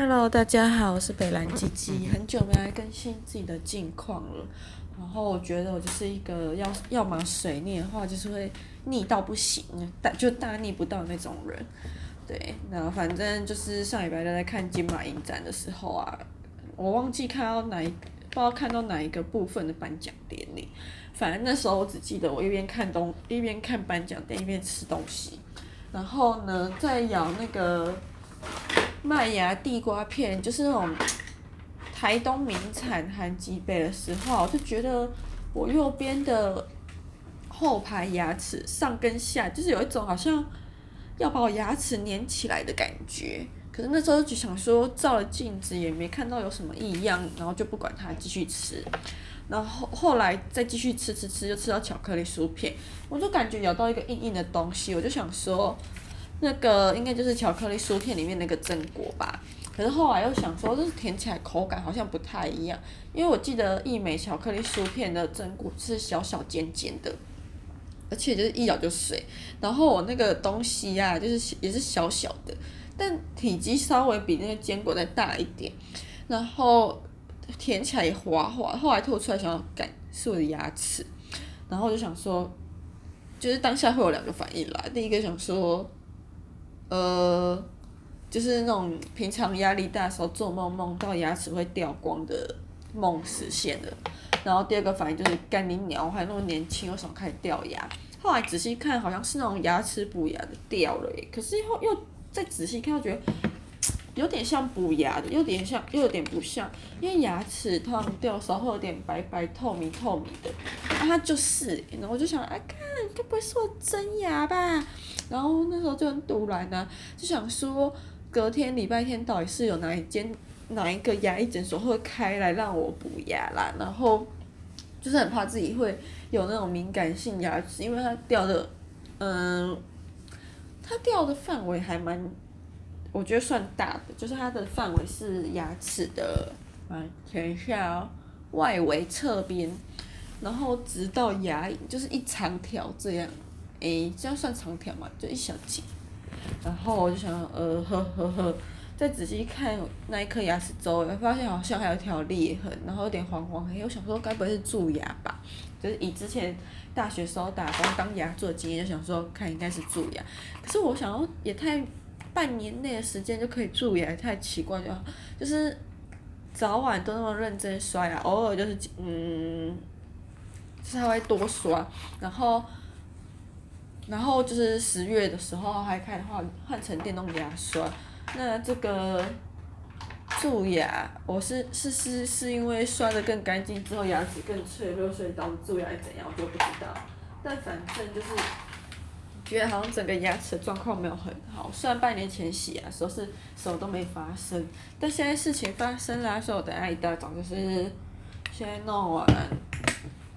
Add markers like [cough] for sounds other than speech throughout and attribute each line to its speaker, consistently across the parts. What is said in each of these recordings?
Speaker 1: Hello，大家好，我是北蘭雞雞， [laughs] 很久沒來更新自己的近況了。然後我覺得我就是一個要要嘛，水逆的話就是會逆到不行，但就大逆不道那種人。對，那反正就是上禮拜都在看金馬影展的時候啊，我忘記看到哪一，不知道看到哪一個部分的頒獎典禮。反正那時候我只記得我一邊看東，一邊看頒獎典，一邊吃東西。然後呢，在咬那個。麥芽地瓜片就是那種台東名產，含積貝的時候，我就覺得我右邊的後排牙齒上跟下，就是有一種好像要把我牙齒粘起來的感覺。可是那時候就想說，照了鏡子也沒看到有什麼異樣，然後就不管它繼續吃。然後後來再繼續吃吃吃，就吃到巧克力薯片，我就感覺咬到一個硬硬的東西，我就想說。那個應該就是巧克力薯片裡面那個榛果吧，可是後來又想說，就是舔起來口感好像不太一樣，因為我記得一枚巧克力薯片的榛果是小小尖尖的，而且就是一咬就碎，然後我那個東西呀、啊，就是也是小小的，但體積稍微比那個堅果再大一點，然後舔起來也滑滑，後來吐出來想要感受牙齒，然後我就想說，就是當下會有兩個反應啦，第一個想說。呃，就是那種平常壓力大的時候做夢夢到牙齒會掉光的夢實現了，然後第二個反應就是幹你鳥，還那麼年輕，為什麼開始掉牙？後來仔細看，好像是那種牙齒補牙的掉了耶，可是以後又再仔細看，又覺得。有點像補牙的，有點像，又有點不像，因為牙齒燙掉的時候有點白白透明透明的、啊，它就是，然後我就想，哎、啊，看，該不會是我真牙吧？然後那時候就很突然的、啊，就想說，隔天禮拜天到底是有哪一間，哪一個牙醫診所會開來讓我補牙啦？然後，就是很怕自己會有那種敏感性牙齒，因為它掉的，嗯、呃，它掉的範圍還蠻。我覺得算大的，就是它的範圍是牙齒的，嗯，前下、哦，外圍側邊，然後直到牙齦，就是一長條這樣。哎，這樣算長條嘛？就一小節。然後我就想，呃呵呵呵，再仔細看那一顆牙齒周圍，發現好像還有一條裂痕，然後有點黃黃黑。我想說，該不會是蛀牙吧？就是以之前大學時候打工當牙做的經驗，就想說看應該是蛀牙。可是我想要也太……半年內的時間就可以蛀牙，太奇怪了就。就是早晚都那麼認真刷牙，偶爾就是嗯，稍、就是還會多刷，然後然後就是十月的時候還開換換成電動牙刷。那這個蛀牙，我是是是是因為刷得更乾淨之後牙齒更脆弱，所以導致蛀牙還怎樣我就不知道。但反正就是。覺得好像整個牙齒狀況沒有很好，雖然半年前洗牙說是什麼都沒發生，但現在事情發生了，所以我等一下一大早就是先弄完，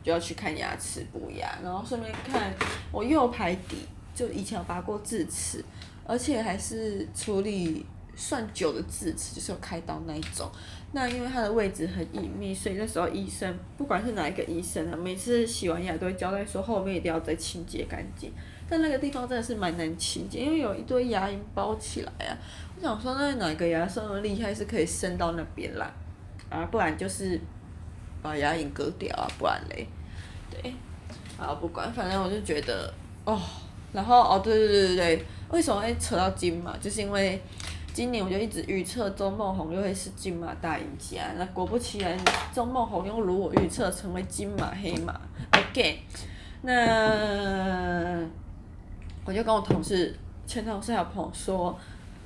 Speaker 1: 就要去看牙齒補牙，然後順便看我右排底，就以前有拔過智齒，而且還是處理。算久的智齒，就是要開刀那一種。那因為它的位置很隱秘，所以那時候醫生不管是哪一個醫生啊，每次洗完牙都會交代說後面一定要再清潔乾淨。但那個地方真的是蠻難清潔，因為有一堆牙齦包起來啊。我想說，那哪個牙神那麼厲害，是可以伸到那邊來，啊，不然就是把牙齦割掉啊，不然嘞？對，啊，不管，反正我就覺得哦，然後哦，對對對對對，為什麼會扯到金馬嘛？就是因為。今年我就一直預測鍾孟宏又會是金馬大贏家，那果不其然，鍾孟宏又如我預測成為金馬黑馬，ok 那我就跟我同事、前同事小朋友說，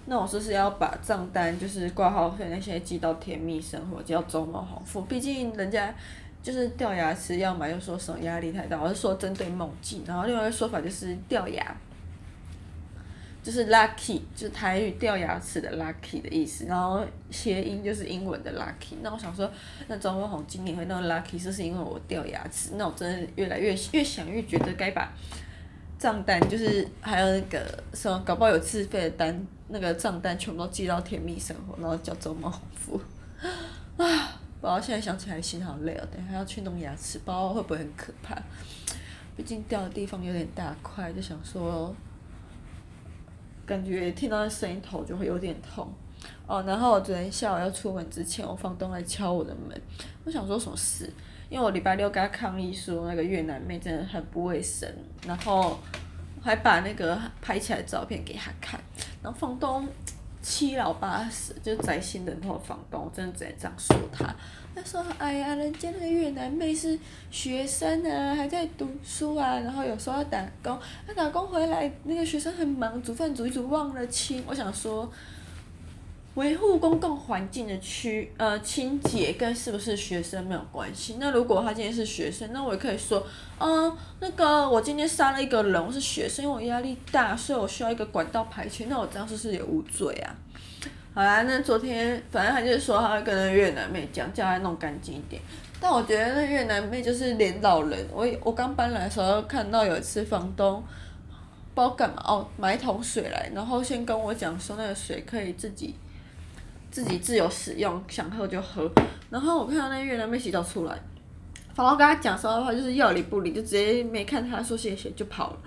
Speaker 1: 那我說是,是要把賬單，就是掛號費那些寄到甜蜜生活，就叫鍾孟宏付，畢竟人家就是掉牙齒，要嘛又說什麼壓力太大，我是說針對夢境，然後另外一個說法就是掉牙。就是 lucky 就是台語掉牙齒的 lucky 的意思，然後諧音就是英文的 lucky。那我想說，那周文宏今年會那麼 lucky，就是因為我掉牙齒。那我真的越來越越想越覺得該把賬單，就是還有那個什麼，搞不好有自費的單，那個賬單全部都寄到甜蜜生活，然後叫周文宏付。啊，不知道現在想起來心好累哦。等一下還要去弄牙齒，不知道會不會很可怕？畢竟掉的地方有點大塊，就想說。感覺聽到那聲音頭就會有點痛，哦，然後我昨天下午要出門之前，我房東來敲我的門，我想說什麼事，因為我禮拜六跟他抗議說那個越南妹真的很不衛生，然後還把那個拍起來的照片給他看，然後房東。七老八十就宅心仁厚的房東，我真的只能這樣說他。他說：“哎呀，人家那個越南妹是學生啊，還在讀書啊，然後有時候要打工。他、啊、打工回來，那個學生很忙，煮飯煮一煮忘了清。我想說。”維護公共環境的區呃清潔跟是不是學生沒有關係。那如果他今天是學生，那我也可以說，嗯，那個我今天殺了一個人，我是學生，因為我壓力大，所以我需要一個管道排氣。那我這樣是不是也無罪啊？好啦，那昨天反正他就是說，他跟那越南妹講，叫他弄乾淨一點。但我覺得那越南妹就是連老人，我我剛搬來的時候看到有一次房東，不知道幹嘛哦，買一桶水來，然後先跟我講說那個水可以自己。自己自由使用，想喝就喝。然後我看到那越南妹洗澡出來，房東跟她講騷的話，就是要理不理，就直接沒看她，說謝謝就跑了。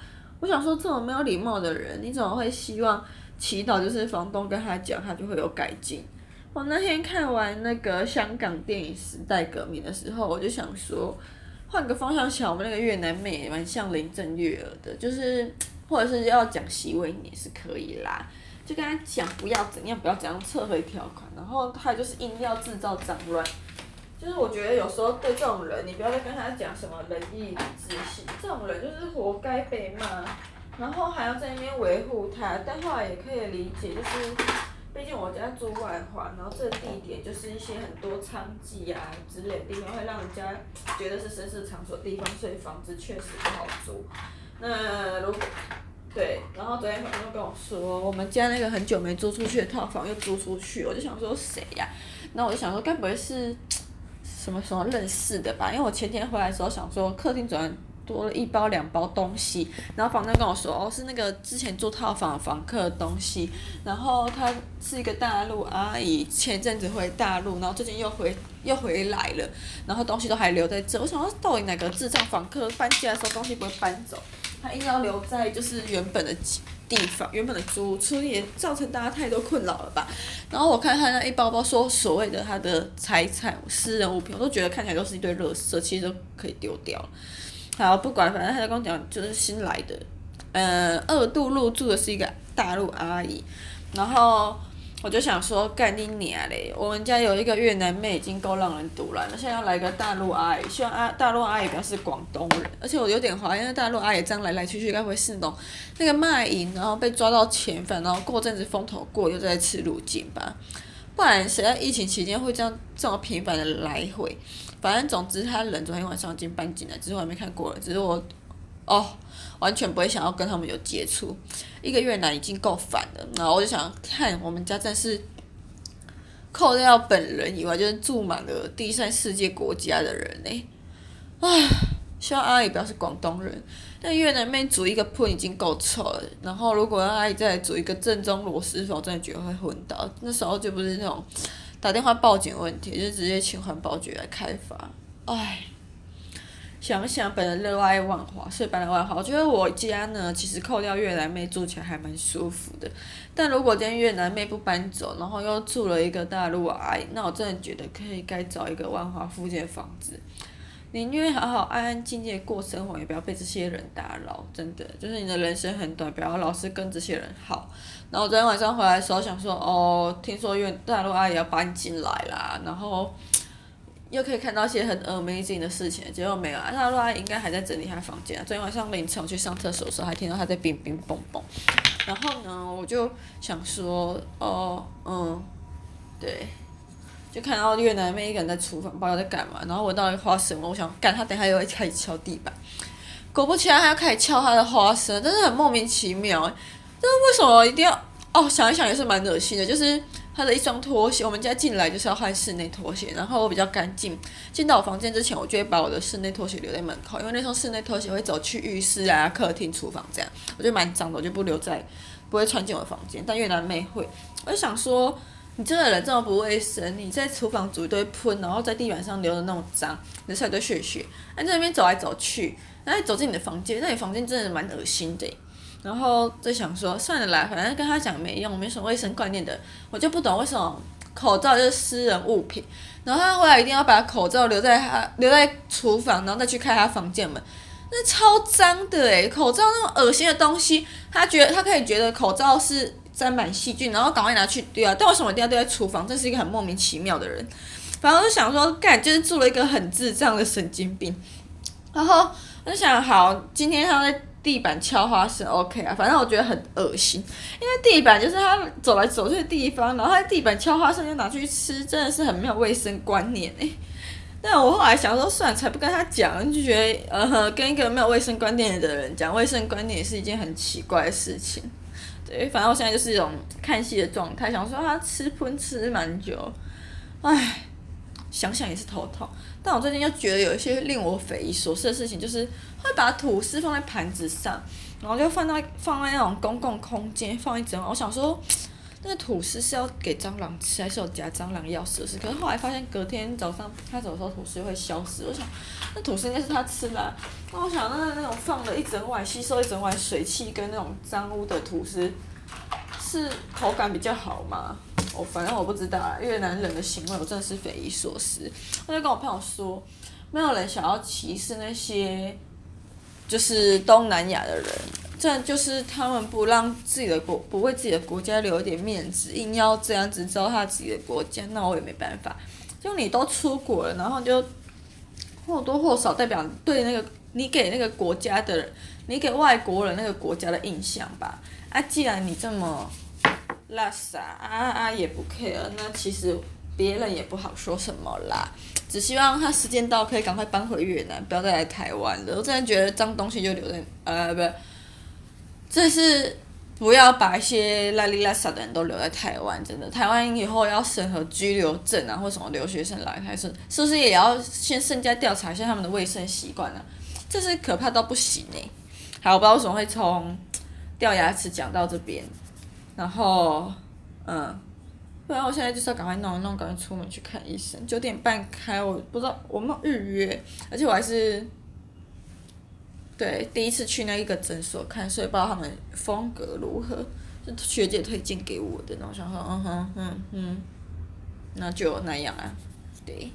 Speaker 1: 我想說，這種沒有禮貌的人，你怎麼會希望祈禱？就是房東跟她講，她就會有改進。我那天看完那個香港電影《時代革命》的時候，我就想說，換個方向想，我們那個越南妹也蠻像林鄭月娥的，就是或者是要講席位也是可以啦。就跟他講不要怎樣，不要怎樣撤回條款，然後他就是硬要制造髒亂。就是我覺得有時候對這種人，你不要再跟他講什麼仁義禮智信，這種人就是活該被罵，然後還要在那邊維護他。但後來也可以理解，就是畢竟我家租外環，然後這地點就是一些很多娼妓啊之類的地方，會讓人家覺得是紳士場所地方，所以房子確實不好租。那如果。對，然後昨天房東跟我說，我們家那個很久沒租出去的套房又租出去，我就想說，誰呀、啊？那我就想說該不會是什麼什麼認識的吧？因為我前天回來的時候想說，客廳怎麼多了一包兩包東西？然後房東跟我說，哦，是那個之前租套房的房客的東西。然後他是一個大陸阿姨，啊、前陣子回大陸，然後最近又回又回來了，然後東西都還留在這，我想說，到底哪個智障房客搬家的時候東西不會搬走？他硬要留在就是原本的地方，原本的租屋也造成大家太多困擾了吧？然後我看他那一包包說所謂的他的財產私人物品，我都覺得看起來都是一堆垃圾，其實都可以丟掉了。好，不管反正他在跟我講就是新來的，呃，二度入住的是一個大陸阿姨，然後。我就想說，幹你娘嘞！我們家有一個越南妹已經夠讓人賭爛了，現在要來個大陸阿姨，希望阿大陸阿姨不要是廣東人，而且我有點懷疑，大陸阿姨這樣來來去去，該不會是那種那個賣淫，然後被抓到遣返，然後過陣子風頭過又再次入境吧？不然誰在疫情期間會這樣這麼頻繁的來回？反正總之，他人昨天晚上已經搬進來，只是我還沒看過了，只是我。哦，完全不會想要跟他們有接觸。一個越南已經夠煩了，然後我就想，看我們家真是，扣掉本人以外，就是住滿了第三世界國家的人呢。唉，希望阿姨不要是廣東人，但越南妹煮一個鋪已經夠臭了，然後如果讓阿姨再來煮一個正宗螺螄粉，我真的覺得會昏倒。那時候就不是那種打電話報警問題，就是、直接請環保局來開罰。唉。想想本人熱愛萬華，所以搬到萬華。我覺得我家呢，其實扣掉越南妹住起來還蠻舒服的。但如果今天越南妹不搬走，然後又住了一個大陸阿姨，那我真的覺得可以該找一個萬華附近的房子。寧願好好安安靜靜過生活，也不要被這些人打擾。真的，就是你的人生很短，不要老是跟這些人耗。然後我昨天晚上回來的時候，想說哦，聽說越南大陸阿姨要搬進來啦，然後。又可以看到一些很 amazing 的事情，結果沒有啊。阿洛他應該還在整理他房間啊。昨天晚上凌晨我去上廁所的時候，還聽到他在乒乒乓乓。然後呢，我就想說，哦，嗯，對，就看到越南妹一個人在廚房不知道在幹嘛。然後聞到底花生，我想幹他，等下又會開始敲地板。果不其然，他要開始敲他的花生，真的很莫名其妙，但是為什麼一定要？哦，想一想也是蠻噁心的，就是。他的一雙拖鞋，我們家進來就是要換室內拖鞋。然後我比較乾淨，進到我房間之前，我就會把我的室內拖鞋留在門口，因為那雙室內拖鞋會走去浴室啊、客廳、廚房這樣，我就蠻髒的，我就不留在，不會穿進我的房間。但越南妹會，我就想說，你這個人這麼不衛生，你在廚房煮一堆噴，然後在地板上流的那種髒，留下一堆血血，還在那邊走來走去，然後走進你的房間，那你房間真的蠻噁心的。然後就想說，算了啦，反正跟他講沒用，沒什麼衛生觀念的，我就不懂為什麼口罩就是私人物品。然後他後來一定要把口罩留在他留在廚房，然後再去開他房間門，那超髒的誒，口罩那種噁心的東西，他覺得他可以覺得口罩是沾滿細菌，然後趕快拿去丟啊。但為什麼一定要丟在廚房？這是一個很莫名其妙的人。反正我就想說，幹，就是住了一個很智障的神經病。然後我就想，好，今天他在。地板敲花生 OK 啊，反正我覺得很噁心，因為地板就是他走來走去的地方，然後他地板敲花生就拿去吃，真的是很沒有衛生觀念哎。但我後來想說，算了，才不跟他講，就覺得呃，跟一個沒有衛生觀念的人講衛生觀念也是一件很奇怪的事情。對，反正我現在就是一種看戲的狀態，想說他吃噴吃蠻久，哎，想想也是頭痛。但我最近又覺得有一些令我匪夷所思的事情，就是會把吐司放在盤子上，然後就放在放在那種公共空間放一整晚。我想說，那個吐司是要給蟑螂吃，還是有夾蟑螂藥是不是？可是後來發現，隔天早上它走的時候，吐司會消失。我想，那吐司應該是它吃的啊。那我想，那個那種放了一整晚，吸收一整晚水汽跟那種髒污的吐司，是口感比較好嘛？我反正我不知道啊，越南人的行為我真的是匪夷所思。我就跟我朋友說，沒有人想要歧視那些，就是東南亞的人，這樣就是他們不讓自己的國，不為自己的國家留一點面子，硬要這樣子糟蹋自己的國家，那我也沒辦法。就你都出國了，然後就或多或少代表對那個你給那個國家的人，你給外國人那個國家的印象吧。啊，既然你這麼。邋遢，啊啊也不 care，那其實別人也不好說什麼啦，只希望他時間到可以趕快搬回越南，不要再來台灣了。我真的覺得髒東西就留在呃，不是，這是不要把一些邋裡邋遢的人都留在台灣，真的。台灣以後要審核居留證啊，或什麼留學生來台是，是不是也要先增加調查一下他們的衛生習慣呢？這是可怕到不行哎、欸。好，我不知道怎麼會從掉牙齒講到這邊。然後，嗯，不然我現在就是要趕快弄弄，趕快出門去看醫生。九點半開，我不知道，我沒有預約，而且我還是，對，第一次去那一個診所看，所以不知道他們風格如何。就學姐推薦給我的，然後想說，嗯哼嗯哼，那、嗯、就那樣啊，對。